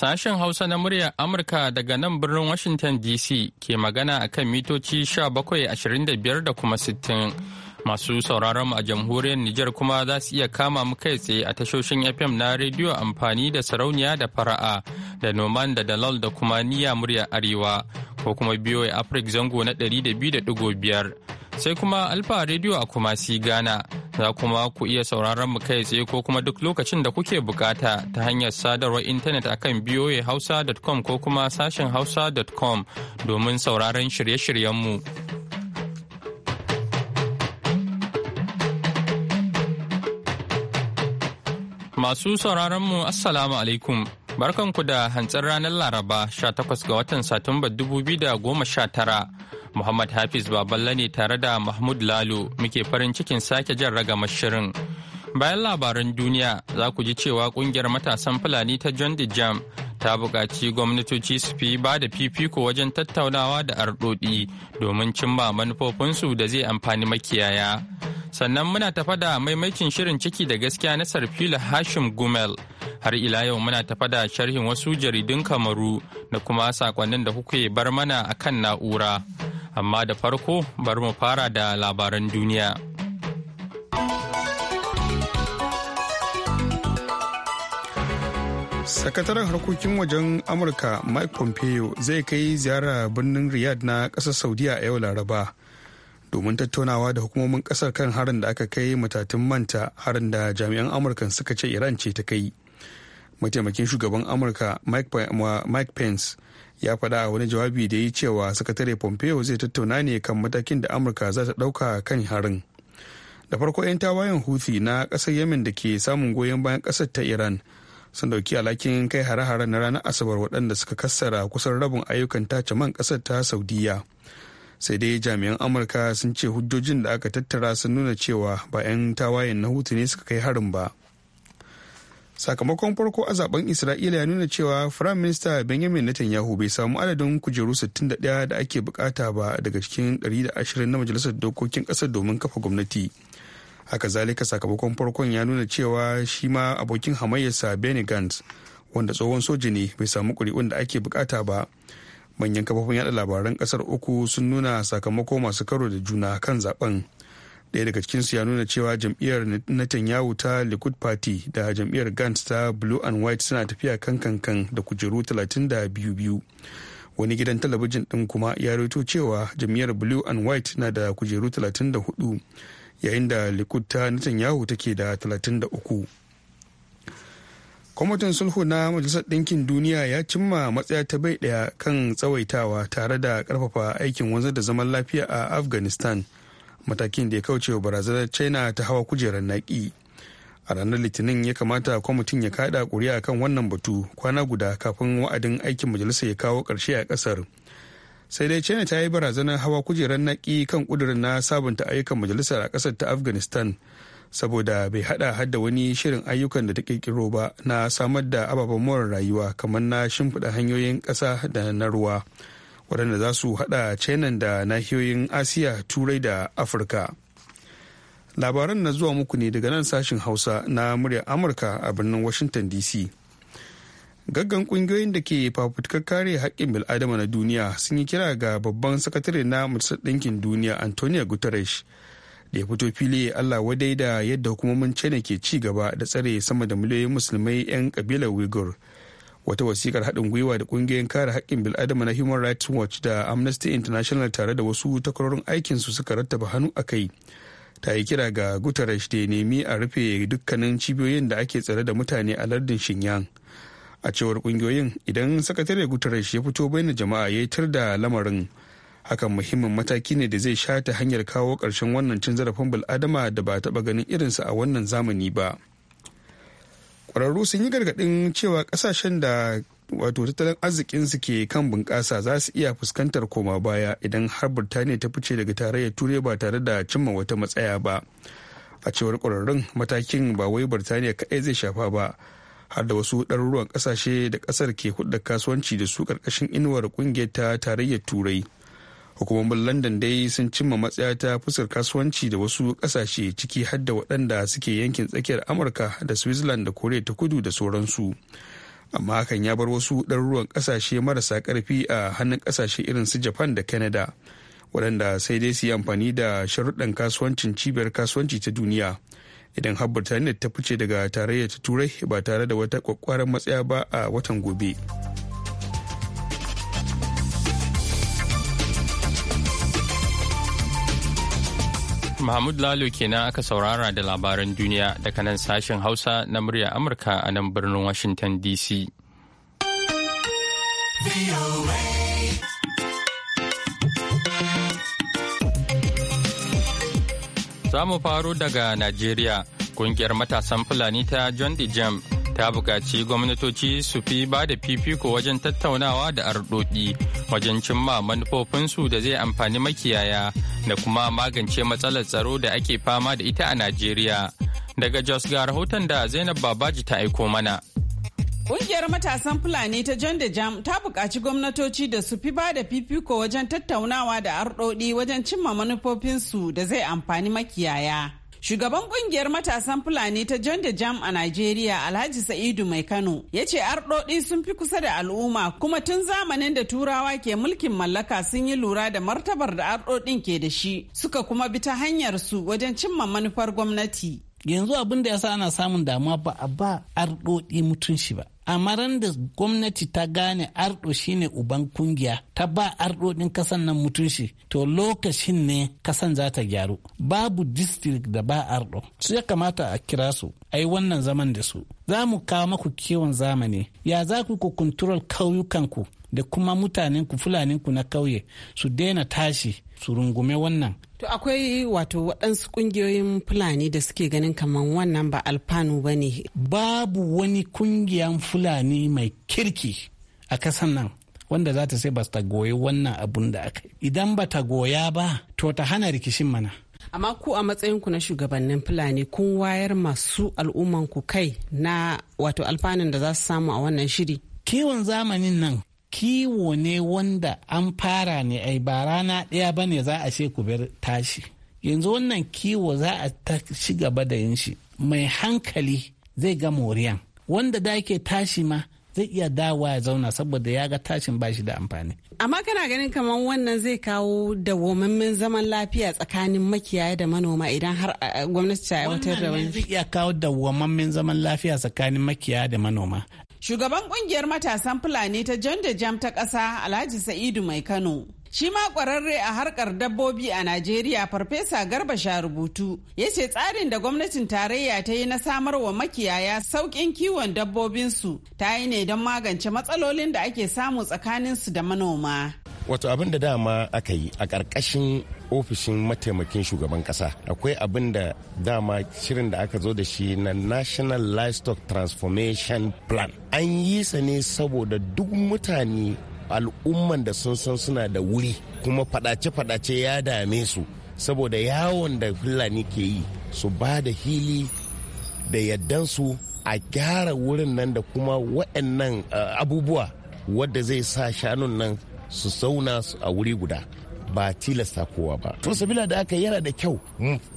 Sashen Hausa na muryar Amurka daga nan birnin Washington DC ke magana a kan mitoci 1725 da kuma 60. Masu sauraron a jamhuriyar Nijar kuma za su iya kama mu kai tsaye a tashoshin FM na rediyo amfani da sarauniya da fara'a da noman da dalal da kuma niya murya arewa ko kuma biyo Afrik zango na 200.5. sai kuma Alfa Radio a Kumasi gana Za kuma ku iya sauraron mu kai tsaye ko kuma duk lokacin da kuke bukata ta hanyar sadarwar intanet akan hausa.com ko kuma sashen hausa.com domin sauraron shirye mu. Masu sauraronmu Assalamu alaikum. Barkanku da hantsar ranar Laraba 18 ga watan Satumba 2019. Muhammad Hafiz Baballe ne tare da Mahmud Lalo muke farin cikin sake jan ragamar shirin. Bayan labaran duniya za ku ji cewa kungiyar matasan Fulani ta John Jam ta buƙaci gwamnatoci su fi ba da fifiko wajen tattaunawa da arɗoɗi domin cimma manufofinsu da zai amfani makiyaya. sannan muna tafa da maimakin shirin ciki da gaskiya na sarfila hashim gumel har ila yau muna tafa da sharhin wasu jaridun kamaru da kuma sakonnin da kuke bar mana akan na'ura amma da farko bari mu fara da labaran duniya sakataren harkokin wajen amurka mike pompeo zai kai ziyara birnin riyadh na ƙasar saudiya a yau laraba domin tattaunawa da hukumomin kasar kan harin da aka kai matatun manta harin da jami'an amurka suka ce iran ce ta kai mataimakin shugaban amurka mike pence ya faɗa a wani jawabi da ya cewa sakatare pompeo zai tattauna ne kan matakin da amurka za ta ɗauka kan harin da farko 'yan tawayen huthi na ƙasar yamin da ke samun goyon bayan ƙasar ta iran sun dauki alhakin kai hare-hare na ranar asabar waɗanda suka kassara kusan rabin ayyukan tace man ƙasar ta saudiya sai dai jami'an amurka sun ce hujjojin da aka tattara sun nuna cewa ba 'yan tawayen na hutu ne suka kai harin ba sakamakon farko a zaben isra'ila ya nuna cewa firayim minista benjamin netanyahu bai samu adadin kujeru 61 da ake bukata ba daga cikin 120 na majalisar dokokin kasar domin kafa gwamnati haka zalika sakamakon farkon ya nuna cewa shi ma abokin hamayyarsa benny gantz wanda tsohon soja ne bai samu kuri'un da ake bukata ba manyan kafofin yada labaran kasar uku sun nuna sakamako masu karo da juna kan zaben daya daga cikinsu ya nuna cewa jam'iyyar netanyahu ta likud party da jam'iyyar gantz ta blue and white suna tafiya kan kankan da kujeru 32 wani gidan talabijin ɗin kuma ya rito cewa jam'iyyar blue and white na da kujeru 34 yayin da likud ta netanyahu take da 33 kwamitin sulhu na majalisar ɗinkin duniya ya cimma matsaya ta bai ɗaya kan tsawaitawa tare da ƙarfafa aikin wanzar da zaman lafiya a afghanistan matakin da ya kauce wa barazanar china ta hawa kujerar naƙi a ranar litinin ya kamata kwamitin ya kaɗa ƙuri'a kan wannan batu kwana guda kafin wa'adin aikin majalisa ya kawo ƙarshe a ƙasar sai dai china ta yi barazanar hawa kujerar naƙi kan ƙudurin na sabunta ayyukan majalisar a ƙasar ta afghanistan saboda bai hada hadda wani shirin ayyukan da ta kirkiro ba na samar da ababen more rayuwa kamar na shimfiɗa hanyoyin ƙasa da na ruwa waɗanda za su hada china da nahiyoyin asiya turai da afirka labaran na zuwa muku ne daga nan sashin hausa na muryar amurka a birnin washington dc gaggan kungiyoyin da ke fafutukar kare haƙƙin bil'adama na duniya sun yi kira ga babban sakatare na majalisar ɗinkin duniya antonio guterres da ya fito fili allah wadai da yadda hukumomin china ke ci gaba da tsare sama da miliyoyin musulmai 'yan kabilar uyghur wata wasikar haɗin gwiwa da ƙungiyoyin kare haƙƙin bil'adama na human rights watch da amnesty international tare da wasu takwarorin su suka rattaba hannu a kai ta yi kira ga guterres da nemi a rufe dukkanin cibiyoyin da ake tsare da mutane a lardin shinyang a cewar ƙungiyoyin idan sakatare guterres ya fito bayan jama'a ya tar da lamarin hakan muhimmin mataki ne da zai sha ta hanyar kawo ƙarshen wannan cin zarafin bil'adama da ba taɓa ganin irinsa a wannan zamani ba ƙwararru sun yi gargaɗin cewa ƙasashen da wato tattalin arzikin su ke kan bunƙasa za su iya fuskantar koma baya idan har birtaniya ta fice daga tarayyar turai ba tare da cimma wata matsaya ba a cewar ƙwararrun matakin ba wai birtaniya kaɗai zai shafa ba har da wasu ɗaruruwan ƙasashe da ƙasar ke hudda kasuwanci da su ƙarƙashin inuwar ƙungiyar ta tarayyar turai hukumomin london dai sun cimma matsaya ta fuskar kasuwanci da wasu kasashe ciki har da waɗanda suke yankin tsakiyar amurka da switzerland da korea ta kudu da sauransu amma hakan ya bar wasu ɗaruruwan kasashe marasa ƙarfi a hannun ƙasashe irin su japan da canada waɗanda sai dai su yi amfani da sharuɗan kasuwancin cibiyar kasuwanci ta duniya idan har birtaniya ta fice daga tarayyar turai ba tare da wata kwakwaran matsaya ba a watan gobe. Mahmud Lalo kenan aka saurara da labaran duniya daga nan sashen Hausa na murya Amurka a nan birnin Washington DC. Za mu faro daga Najeriya, kungiyar matasan Fulani ta John Jam ta bukaci gwamnatoci su fi ba da fifiko wajen tattaunawa da arɗoɗi wajen cimma manufofinsu da zai amfani makiyaya da kuma magance matsalar tsaro da ake fama da ita a Najeriya. Daga Jos ga rahoton da Zainab Babaji ta aiko mana. Ƙungiyar matasan Fulani ta John da Jam ta buƙaci gwamnatoci da su fi ba da fifiko wajen tattaunawa da arɗoɗi wajen cimma manufofinsu da zai amfani makiyaya. Shugaban kungiyar matasan Fulani ta John da Jam a Najeriya Alhaji Sa'idu Mai Kano ya ce arɗoɗi sun fi kusa da al'umma kuma tun zamanin da turawa ke mulkin mallaka sun yi lura da martabar da arɗoɗin ke da shi suka kuma bi ta hanyar su wajen cimma manufar gwamnati. Yanzu abin da ya sa ana samun damuwa ba a ba arɗoɗi mutunci ba. amma ran da gwamnati ta gane ardo shine uban kungiya ta ba ardo din kasan nan mutunci to lokacin ne kasan za ta gyaru babu district da ba Arɗo. su ya kamata a kira su a wannan zaman da su za mu kawo maku kiwon zamani ya za ku ku kauyukan kauyukanku da kuma fulanin fulaninku na kauye su daina tashi su rungume wannan To akwai wato waɗansu ƙungiyoyin Fulani da suke ganin kamar wannan ba alfanu ba ne. Babu wani ƙungiyan Fulani mai kirki a kasan nan wanda za ta sai ba ta goyi wannan abun da aka yi. Idan ba ta goya ba, to ta hana rikishin mana. Amma ku a matsayinku na shugabannin Fulani kun wayar masu al'ummanku kai na wato alfanun da za su samu a wannan shiri. Kiwon zamanin nan kiwo ne wanda an fara ne a ba rana ɗaya ba ne za a ce ku bar tashi yanzu wannan kiwo za a ta ci gaba da yin shi mai hankali zai ga moriyan wanda da ke tashi ma zai iya dawa ya zauna saboda ya ga tashin ba shi da amfani. Amma kana ganin kamar wannan zai kawo da dawwammamin zaman lafiya tsakanin makiyaya da manoma idan har gwamnati ta aiwatar da wani. Wannan zai iya kawo dawwammamin zaman lafiya tsakanin makiyaya da manoma. Shugaban kungiyar matasan Fulani ta John da Jam ta ƙasa Alhaji Sa'idu Mai Kano. Shi ma ƙwararre a harkar dabbobi a Najeriya Farfesa Garba Rubutu ya ce tsarin da gwamnatin tarayya ta yi na samar wa makiyaya sauƙin kiwon dabbobinsu ta yi ne don magance matsalolin da ake samu tsakaninsu da manoma. wato abin da dama aka yi a ƙarƙashin ofishin mataimakin shugaban ƙasa akwai abin da dama shirin da aka zo da shi na national livestock transformation plan an yi sa ne saboda duk mutane al'umman da sun san suna da wuri kuma fadace-fadace ya dame su saboda yawon da fulani ke yi su ba da hili da yaddansu a gyara wurin nan da kuma waɗannan eh, abubuwa wadda zai sa shanun nan su zauna a wuri guda ba tilasta kowa ba to sabila da aka yana da kyau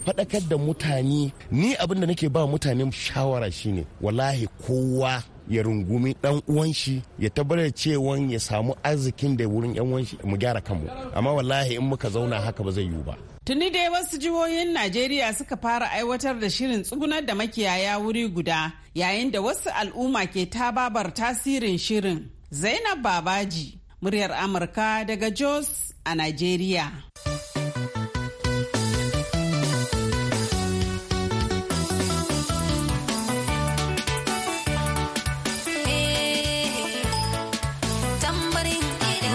faɗakar da mutane ni abin da nake ba mutane shawara shine wallahi kowa ya rungumi dan uwan shi ya tabbatar cewa ya samu arzikin da wurin yan uwan shi mu gyara kanmu amma wallahi in muka zauna haka ba zai yiwu ba tuni dai wasu jihohin najeriya suka fara aiwatar da shirin tsugunar da makiyaya wuri guda yayin da wasu al'umma ke tababar tasirin shirin zainab babaji muryar Amurka daga Jos a Najeriya.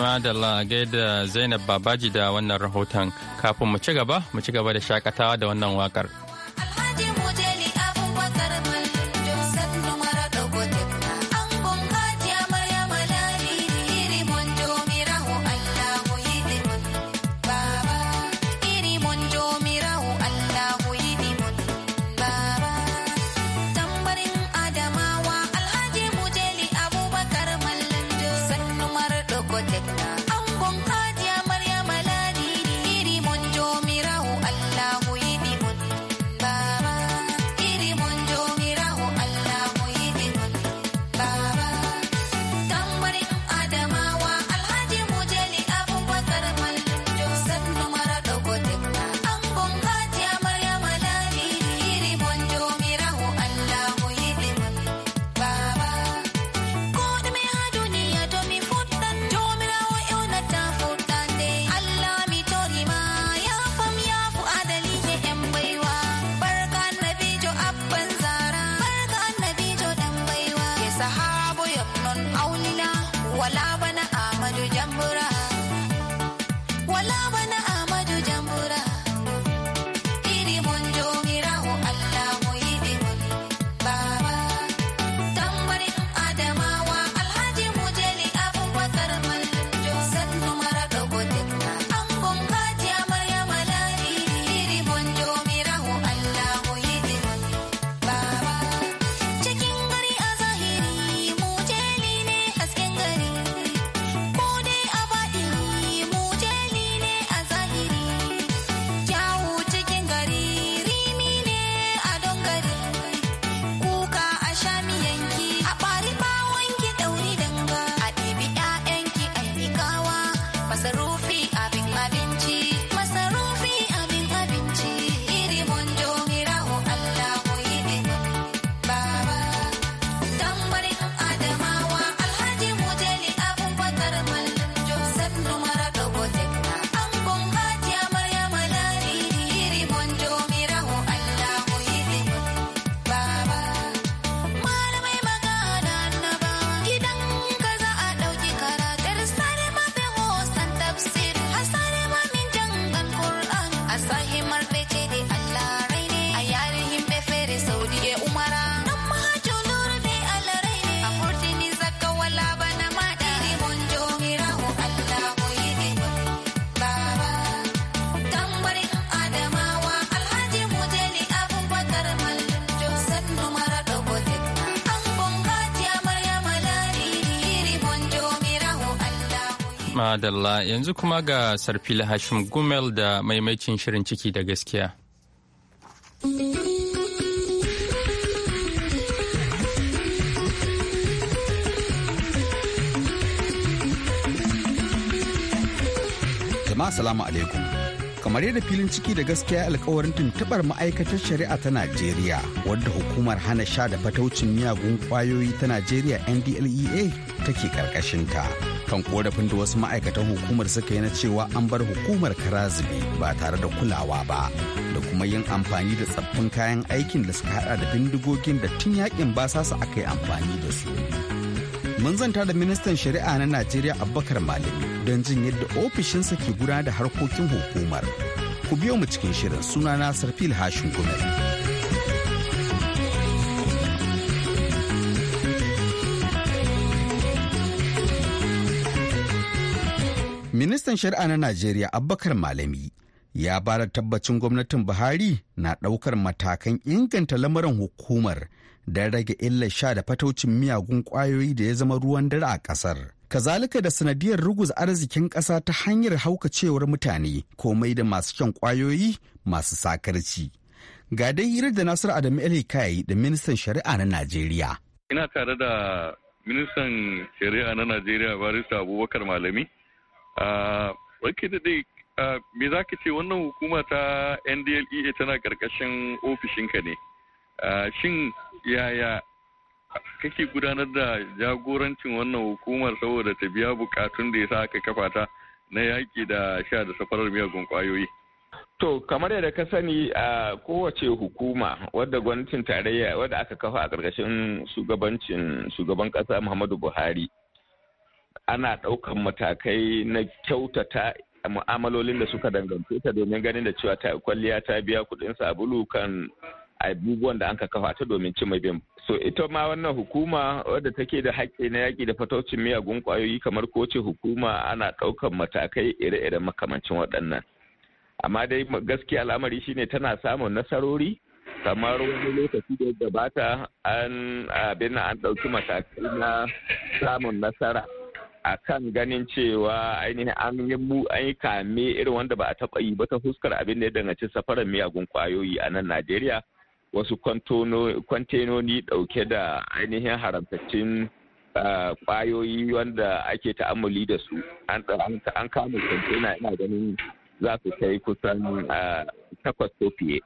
Madalla gaida Zainab Babaji da wannan rahoton kafin mu ci gaba mu ci gaba da shakatawa da wannan wakar. Madalla yanzu kuma ga sarfili Hashim Gumel da maimacin shirin ciki da gaskiya. Jama'a salamu alaikum. Kamar yadda filin ciki da gaskiya alkawarin tuntubar ma'aikatar shari'a ta Najeriya wadda hukumar hana sha da fataucin miyagun kwayoyi ta Najeriya NDLEA take karkashinta. kan korafin da wasu ma'aikatan hukumar suka yi na cewa an bar hukumar karazibi ba tare da kulawa ba da kuma yin amfani da tsaffin kayan aikin da suka hada da bindigogin da tun yakin basasa aka yi amfani da su mun zanta da ministan shari'a na najeriya abubakar malami don jin yadda ofishinsa ke gudanar da harkokin hukumar ku biyo mu cikin shirin sunana sarfil hashin gumel Ministan Shari'a na Najeriya Abubakar Malami ya ba da tabbacin gwamnatin Buhari na ɗaukar matakan inganta lamarin hukumar da rage illar sha da fataucin miyagun ƙwayoyi da ya zama ruwan dare a ƙasar. Kazalika da sanadiyar ruguza arzikin ƙasa ta hanyar haukacewar mutane komai da masu kyan kwayoyi masu sakarci. Ga dai hirar da Nasiru Adamu Elikayi da ministan shari'a na Najeriya. Ina tare da ministan shari'a na Najeriya Barista Abubakar Malami. da dai me za ka ce wannan hukuma ta NDLEA tana ƙarƙashin ofishinka ne? Shin yaya kake gudanar da jagorancin wannan hukumar saboda ta biya bukatun da ya sa aka kafa ta na yaƙi da sha da safarar miyagun kwayoyi. To, kamar yadda ka sani a kowace hukuma wadda gwamnatin tarayya wadda aka kafa a ƙarƙashin shugabancin shugaban ƙasa Muhammadu Buhari. ana ɗaukan matakai na kyautata mu'amalolin da suka dangance ta domin ganin da cewa ta kwalliya ta biya kuɗin sabulu kan abubuwan da an ka kafa ta domin mai bin. So ita ma wannan hukuma wadda take da haƙƙi na yaƙi da fataucin miyagun ƙwayoyi kamar ko ce hukuma ana ɗaukan matakai ire-iren makamancin waɗannan. Amma dai gaskiya al'amari shine tana samun nasarori kamar wani lokaci da ya gabata an abin an ɗauki matakai na samun nasara a kan ganin cewa ainihin an yi kame irin wanda ba a taɓa yi ba ta fuskar abin da ya danganci safarar miyagun kwayoyi a nan Najeriya wasu kwantenoni ɗauke da ainihin haramtaccen kwayoyi wanda ake ta'amuli da su an kama kwantena ina ganin za su kai kusan takwas ko fiye.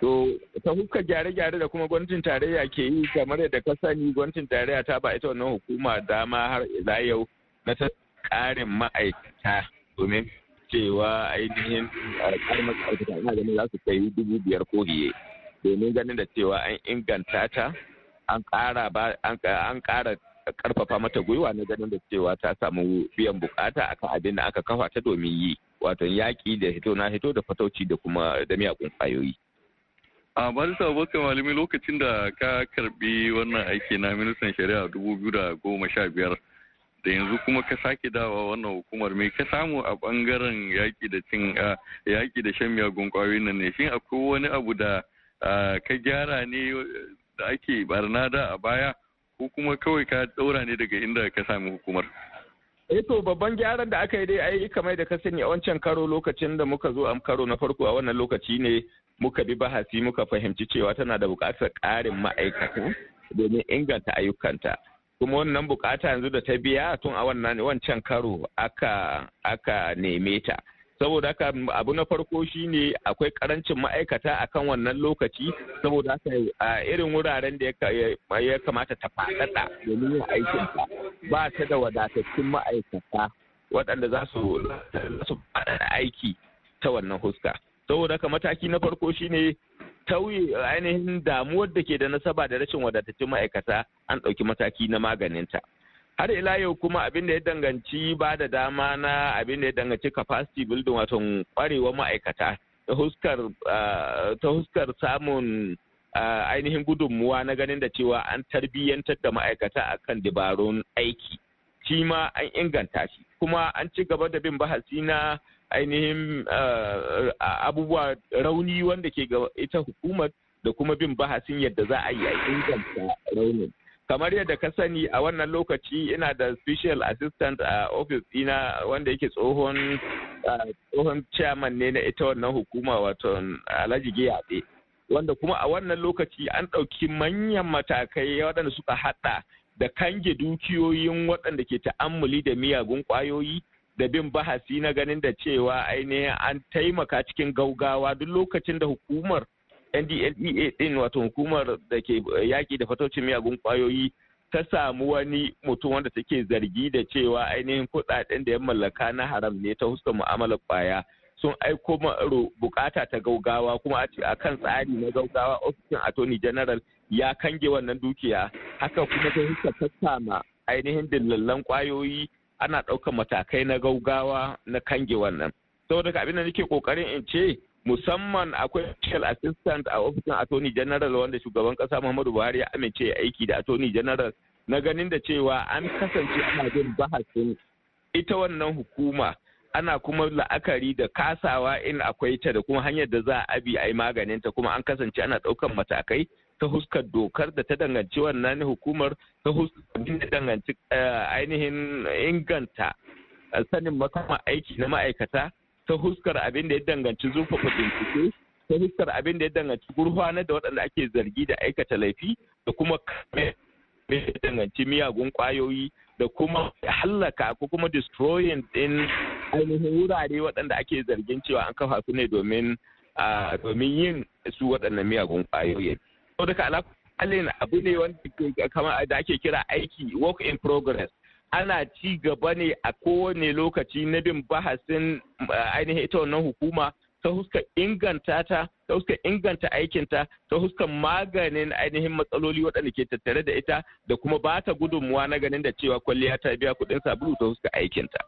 To ta huka gyare-gyare da kuma gwamnatin tarayya ke yi kamar yadda ka sani gwamnatin tarayya ta ba ita wannan hukuma dama har ila yau na ta karin ma'aikata domin cewa ainihin karin ma'aikata ina ganin za su kai dubu biyar ko biye domin ganin da cewa an inganta ta an ƙara an karfafa mata gwiwa na ganin da cewa ta samu biyan bukata akan abin da aka kafa ta domin yi wato yaƙi da hito na hito da fatauci da kuma da miyakun kwayoyi. a sa baka malami lokacin da ka karbi wannan aiki na ministan shari'a dubu biyu da goma sha biyar da yanzu kuma ka sake dawa wannan hukumar me ka samu a bangaren yaki da cin yaki da shan miyagun kwayoyin nan ne shin akwai wani abu da ka gyara ne da ake barna da a baya ko kuma kawai ka daura ne daga inda ka sami hukumar eh to babban gyaran da aka yi dai ai kamar da ka sani a wancan karo lokacin da muka zo a karo na farko a wannan lokaci ne muka bi bahasi muka fahimci cewa tana da bukatar ƙarin ma'aikata domin inganta ayyukanta kuma wannan bukata yanzu da ta biya tun a wannan wancan karo aka neme ta saboda haka abu na farko shine akwai karancin ma'aikata akan wannan lokaci saboda haka a irin wuraren da ya kamata ta faɗaɗa domin yin aikin ta ba ta da wadatattun ma'aikata waɗanda za su faɗaɗa aiki ta wannan huska saboda haka mataki na farko shine tauye ainihin damuwar da ke da nasaba da rashin wadataccen ma'aikata an ɗauki mataki na maganinta har ila yau kuma abin da ya danganci ba da dama na abin da ya danganci capacity building wato kwarewar ma'aikata ta huskar samun ainihin gudunmuwa na ganin da cewa an tarbiyyantar da ma'aikata a kan dabarun aiki shi ma an inganta shi kuma an ci gaba da bin bahasi na ainihin eh, abubuwa rauni wanda ke ga ita hukumar da kuma bin bahasin yadda za a yi a inganta raunin. Kamar yadda ka sani a wannan lokaci ina da special assistant a ofis dina wanda yake tsohon eh, tsohon chairman ne na ita wannan hukuma wato Alhaji Giyaɗe. Wanda kuma a wannan lokaci an ɗauki manyan matakai waɗanda suka haɗa da kange dukiyoyin waɗanda ke ta'ammuli da miyagun ƙwayoyi da bin bahasi na ganin da cewa ainihin an taimaka cikin gaugawa duk lokacin da hukumar ndlea din wato hukumar da ke yaƙi da fatocin miyagun kwayoyi ta samu wani mutum wanda take zargi da cewa ainihin kuɗaɗen da ya mallaka na haram ne ta huskar mu'amalar kwaya sun aiko bukata ta gaugawa kuma a ce akan tsari na gaugawa ofishin attorney general ya kange wannan dukiya haka kuma ta huskar tattama ainihin dillallan kwayoyi ana ɗaukar matakai na gaugawa na kange wannan saboda abin da nake kokarin in ce musamman akwai special assistant a ofishin attorney general wanda shugaban kasa muhammadu buhari ya amince ya aiki da attorney general na ganin da cewa an kasance ana bin bahasin ita wannan hukuma ana kuma la'akari da kasawa in akwai ta da kuma hanyar da za a bi a yi maganinta kuma an kasance ana ɗaukan matakai ta huskar dokar da ta danganci wannan hukumar ta huskar da danganci eh, ainihin inganta sanin makama aiki na ma'aikata ta huskar abin da ya danganci zurfafa bincike ta huskar abin da ya danganci gurfana da waɗanda ake zargi da aikata laifi da kuma ya danganci miyagun kwayoyi da kuma hallaka ko kuma destroying din ainihin wurare waɗanda ake zargin cewa an kafa su ne domin ah, yin su waɗannan miyagun kwayoyi. Sau da alaƙa halin abu ne wanda kamar da ake kira aiki work in progress. Ana ci gaba ne a kowane lokaci na bin bahasin eh, ainihin ita wannan hukuma ta huskar inganta ta ta huskar inganta aikinta ta huskar maganin ainihin matsaloli waɗanda ke tattare da ita da kuma ba ta gudunmuwa na ganin da cewa kwalliya ta biya kuɗin sabulu ta huskar aikinta.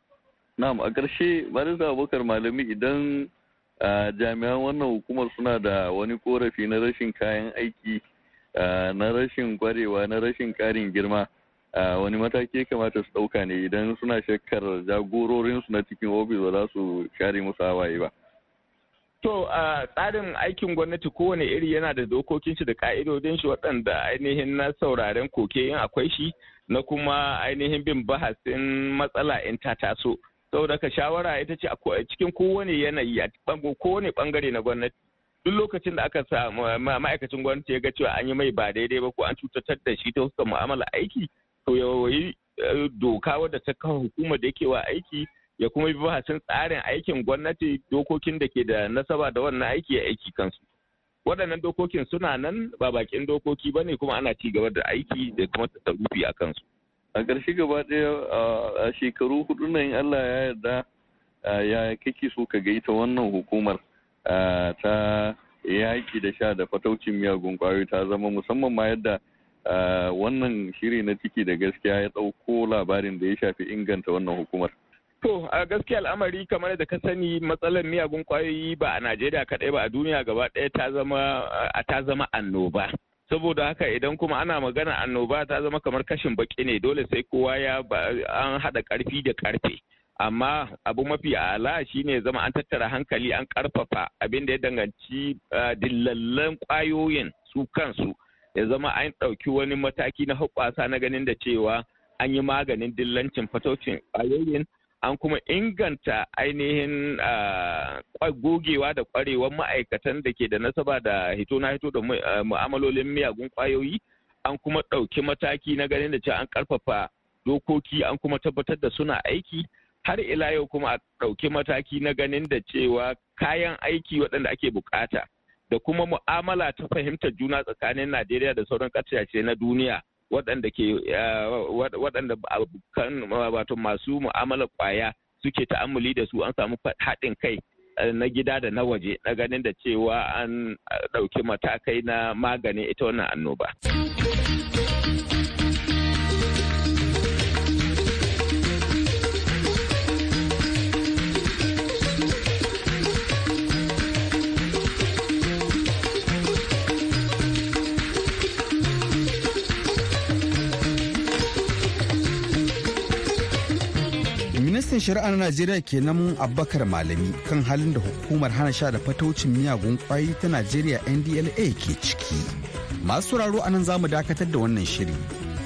Na'am a ƙarshe Barista Abubakar Malami idan jami'an wannan hukumar suna da wani korafi na rashin kayan aiki na rashin kwarewa na rashin karin girma wani mataki kamata su ɗauka ne idan suna shakkar jagororinsu na cikin ofis ba za su share musu hawaye ba. To a tsarin aikin gwamnati kowane iri yana da dokokin shi da ka'idodin shi waɗanda ainihin na sauraren koke yin akwai shi na kuma ainihin bin bahasin matsala in ta taso. saboda ka shawara ita ce a cikin kowane yanayi a kowane bangare na gwamnati duk lokacin da aka sa ma'aikacin gwamnati ya ga cewa an yi mai ba daidai ba ko an cutatar da shi ta hukumar mu'amala aiki to ya wayi eh, doka wadda ta kawo hukumar da yake wa aiki ya kuma bi bahasin tsarin aikin gwamnati dokokin da ke da nasaba da wannan aiki ya aiki kansu waɗannan dokokin suna nan ba bakin dokoki ba ne kuma ana ci gaba da aiki da kuma tattarufi a kansu a ƙarshe gaba ɗaya a shekaru hudu nan Allah ya yarda ya kake so ka gaita wannan hukumar ta yaƙi da sha da fataucin miyagun ƙwayoyi ta zama musamman ma yadda wannan shiri na ciki da gaskiya ya ɗauko labarin da ya shafi inganta wannan hukumar. To a gaskiya al'amari kamar da ka sani matsalar miyagun ƙwayoyi ba a Najeriya kaɗai ba a duniya gaba ɗaya ta zama annoba. saboda haka idan kuma ana magana annoba ta zama kamar kashin baki ne dole sai kowa ya an hada karfi da karfe amma abu mafi ala shine zama an tattara hankali an karfafa abin da ya danganci eh, dillallan kwayoyin su kansu ya zama an ɗauki wani mataki na hukwasa na ganin da cewa an yi maganin dillancin fatocin kwayoyin. an kuma inganta ainihin ah, gogewa da kwarewar ma'aikatan da ke da nasaba da hito na hito da ah, mu'amalolin miyagun kwayoyi an kuma ɗauki mataki na ganin da cewa an ƙarfafa dokoki an kuma tabbatar da suna aiki har ila yau kuma a ɗauki mataki na ganin da cewa kayan aiki waɗanda ake bukata da kuma mu'amala ta fahimtar juna tsakanin najeriya da sauran ƙasashe na duniya waɗanda ke eh, waɗanda kan wato masu mu'amalar ƙwaya suke ta'amuli da su an samu haɗin kai eh, na gida da na waje na ganin da cewa an ɗauki matakai na magani ita wannan annoba. ministan shari'a na najeriya kenan abubakar malami kan halin da hukumar hana sha da fataucin miyagun kwayi ta najeriya ndla ke ciki masu sauraro a nan za mu dakatar da wannan shiri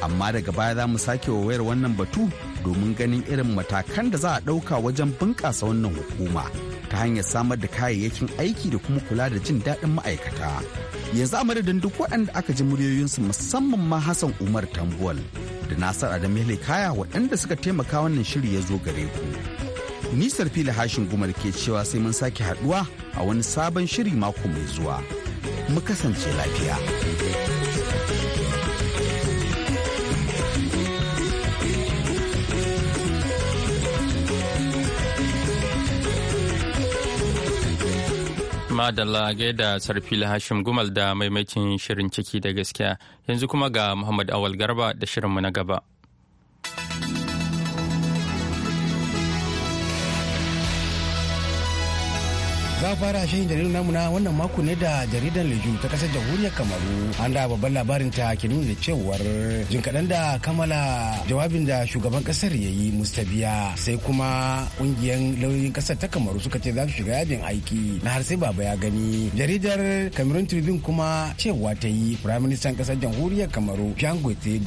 amma daga baya za mu sake wayar wannan batu domin ganin irin matakan da za a ɗauka wajen bunƙasa wannan hukuma ta hanyar samar da kayayyakin aiki da kuma kula da jin daɗin ma'aikata. Yanzu a madadin duk waɗanda aka ji muryoyinsu musamman ma Hassan Umar Tambuwal da Nasar Adamele Kaya waɗanda suka taimaka wannan shiri ya zo gare ku. Nisar fili hashin gumar ke cewa sai mun sake haɗuwa a wani sabon shiri mako mai zuwa. Mu kasance lafiya. Madalla gaida sarfi Hashim Gumal da maimakin shirin ciki da gaskiya yanzu kuma ga Muhammad Awal Garba da shirin mu na gaba. za fara shirin jaridar namu wannan mako ne da jaridar leju ta kasar jamhuriyar kamaru an da babban labarin ta ke nuna cewar jin kaɗan da kammala jawabin da shugaban kasar ya yi mustabiya sai kuma ƙungiyar lauyoyin kasar ta kamaru suka ce za su shiga yajin aiki na har sai baba ya gani jaridar cameroon tribune kuma cewa ta yi firayim ministan kasar jamhuriyar kamaru jean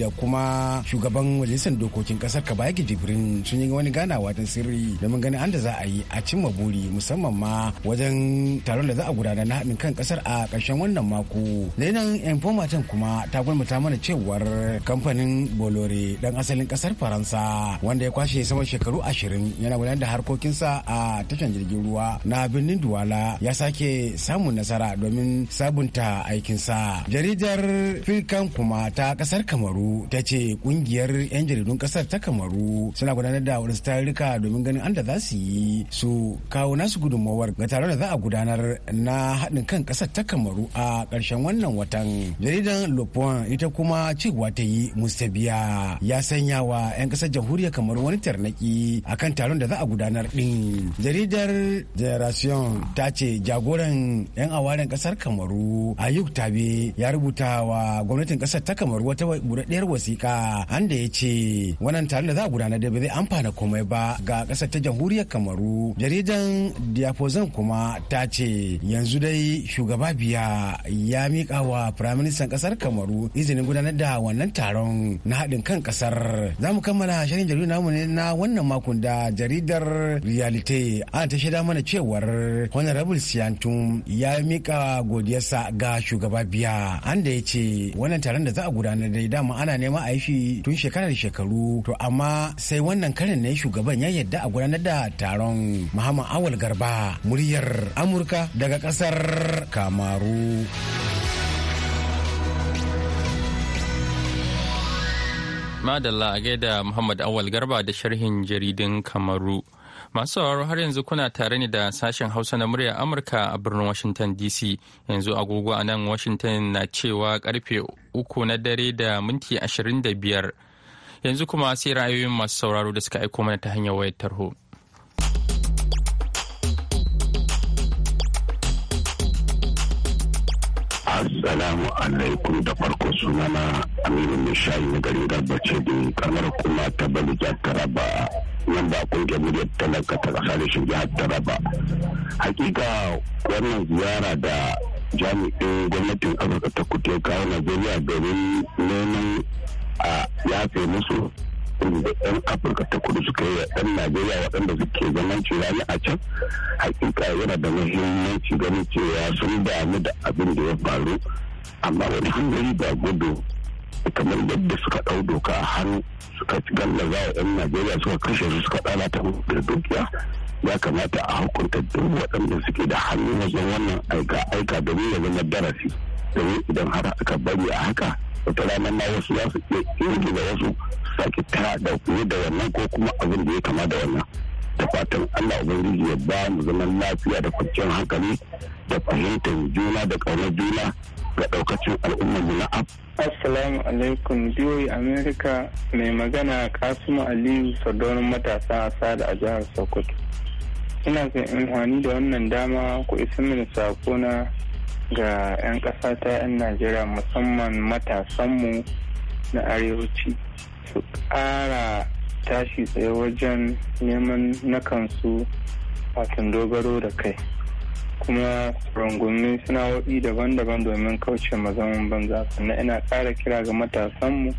da kuma shugaban majalisar dokokin kasar kabayaki jibrin sun yi wani ganawa ta sirri domin ganin an da za a yi a cimma buri musamman ma wajen wajen taron da za a gudanar na haɗin kan ƙasar a ƙarshen wannan mako. Lainan Informatin kuma ta gwamnata mana cewar kamfanin Bolore ɗan asalin ƙasar Faransa wanda ya kwashe sama shekaru ashirin yana gudanar da harkokinsa a tashan jirgin ruwa na birnin Duwala ya sake samun nasara domin sabunta aikinsa. Jaridar Filkan kuma ta ƙasar Kamaru ta ce ƙungiyar 'yan jaridun ƙasar ta Kamaru suna gudanar da wasu tarurruka domin ganin an da za su yi su kawo nasu gudunmawar ga taron da za a gudanar na haɗin kan ƙasar ta kamaru a ƙarshen wannan watan jaridan lopon ita kuma cewa ta yi mustabiya ya sanya wa 'yan ƙasar jamhuriyar kamaru wani tarnaki a kan taron da za a gudanar ɗin jaridar generation ta ce jagoran 'yan awaren ƙasar kamaru ayuk tabe ya rubuta wa gwamnatin ƙasar ta kamaru wata buɗaɗɗiyar wasiƙa an da ya ce wannan taron da za a gudanar da ba zai amfana komai ba ga ƙasar ta jamhuriyar kamaru jaridan diapozan kuma ta ce yanzu dai shugaba biya ya miƙa wa firaministan ƙasar kamaru izinin gudanar da wannan taron na haɗin kan ƙasar za mu kammala shirin jaridu namu ne na wannan makon da jaridar realite an ta shaida mana cewar honorable siyantum ya miƙa godiyarsa ga shugaba biya an da ya ce wannan taron da za a gudanar da dama ana nema a yi shi tun shekarar shekaru to amma sai wannan karin ne shugaban ya yadda a gudanar da taron muhammad awal garba muryar Amurka daga ƙasar Kamaru. Madalla a gaida Muhammad Awal Garba da sharhin jaridin Kamaru. Masu sauraro har yanzu kuna tare ne da sashen Hausa na muryar Amurka a birnin Washington DC. Yanzu agogo a nan Washington na cewa karfe uku na dare da minti ashirin da biyar. Yanzu kuma sai ra'ayoyin masu sauraro da suka aiko mana ta hanyar wayar tarho. Salamu alaikum da farko suna na Aminu mai shayi na garin garbace da kamar kuma ta bali taraba nan ba kungiyar muryar talaka ta kasa da shi jihar taraba. Hakika wannan ziyara da jami'in gwamnatin Afirka ta ya kawo Najeriya domin neman a yafe musu da yan afirka ta kudu suka yi yan najeriya waɗanda suke zaman cirani a can hakika yana da muhimmanci ganin cewa sun damu da abin da ya faru amma wani hanyoyi ba gudu kamar yadda suka ɗau doka a hannu suka za a 'yan najeriya suka kashe su suka ɗana ta da dukiya ya kamata a hukunta duk waɗanda suke da hannu wajen wannan aika aika domin ya zama darasi domin idan har aka bari a haka wata ranar ma wasu za su iya da wasu sake ta da da wannan ko kuma abin da ya kama da wannan da fatan allah ubangiji ya ba mu zaman lafiya da kwanciyar hankali da fahimtar juna da ƙaunar juna ga ɗaukacin al'ummar mu na af assalamu alaikum biyoyi america mai magana kasimu aliyu sadonin matasa a sada a jihar sokoto ina son amfani da wannan dama ku isa mini sako na ga 'yan ƙasa ta 'yan najeriya musamman matasanmu na arewaci su ƙara tashi tsaye wajen neman na kansu watan dogaro da kai kuma suna sana'o'i daban-daban domin kauce mazaman banza sannan ina ƙara kira ga matasanmu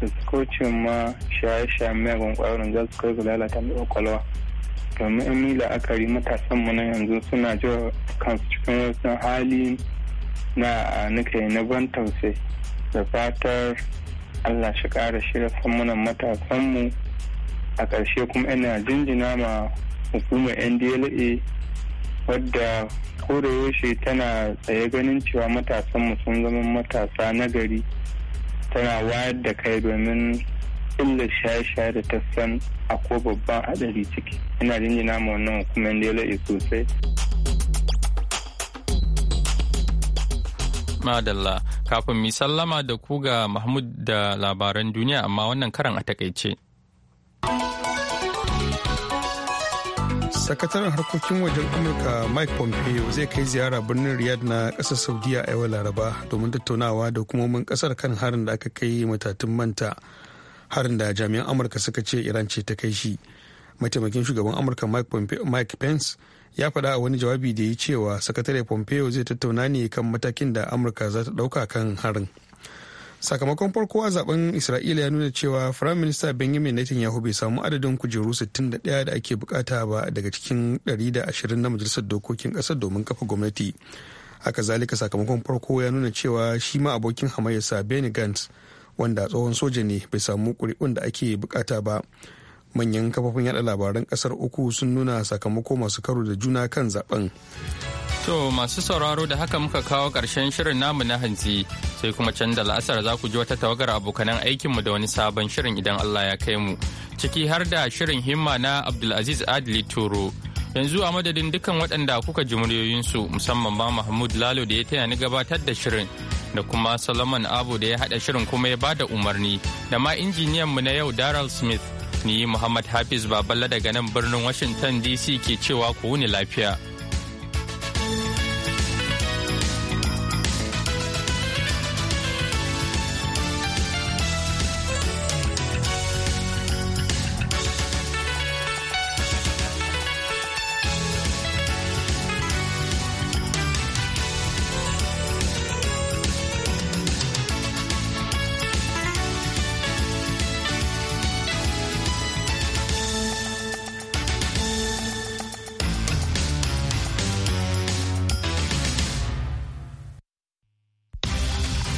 da su kauce ma shaye-shaye mai gwangwarin za su kai ga lalata mai kwakwalwa domin in yi la'akari matasan mu na yanzu suna jin kansu cikin wasu hali na nika na ban tausayi da fatar allah shi kara shirya sammunan matasanmu a ƙarshe kuma ina jinjina ma hukumar ndla wadda yaushe tana tsaye ganin cewa matasanmu sun zama matasa nagari tana wayar da kai domin illa shaye-shaye da ta san ko babban hadari ciki ina jinjina ma wannan hukumar dela sosai madalla kafin mi sallama da ku ga mahmud da labaran duniya amma wannan karan a takaice sakataren harkokin wajen amurka mike pompeo zai kai ziyara birnin riyadh na kasar saudiya a yau laraba domin tattaunawa da hukumomin kasar kan harin da aka kai matatun manta harin da jami'an amurka suka ce iran ce ta kai shi mataimakin shugaban amurka mike pence ya faɗa a wani jawabi da ya cewa sakatare pompeo zai tattauna ne kan matakin da amurka za ta ɗauka kan harin sakamakon farko a zaben isra'ila ya nuna cewa firayim minista benjamin netanyahu bai samu adadin kujeru 61 da ake bukata ba daga cikin 120 na majalisar dokokin kasar domin kafa gwamnati haka zalika sakamakon farko ya nuna cewa shi ma abokin hamayyarsa benny gantz wanda tsohon soja ne bai samu kuri'un da ake bukata ba manyan kafafun yada labaran kasar uku sun nuna sakamako masu karo da juna kan zaben to masu sauraro da haka muka kawo karshen shirin namu na hantsi sai kuma can da la'asar za ku ji wata tawagar abokanan aikinmu da wani sabon shirin idan allah ya kai mu ciki har da shirin himma na abdulaziz adli toro yanzu a madadin dukkan waɗanda kuka ji muryoyinsu musamman ba mahmud lalo da ya taya ni gabatar da shirin da kuma Solomon Abu da ya haɗa shirin kuma ya bada umarni da ma injiniyan mu na yau Daryl Smith ni Muhammad Hafiz Baballa daga nan birnin Washington DC ke cewa ku wuni lafiya.